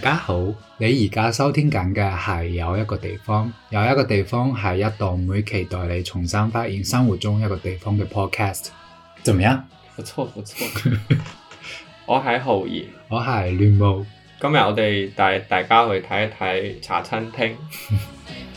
大家好，你而家收聽緊嘅係有一個地方，有一個地方係一度每期帶你重新發現生活中一個地方嘅 Podcast，怎麼樣？不錯不錯， 我係浩然，我係 Limo，今日我哋帶大家去睇一睇茶餐廳。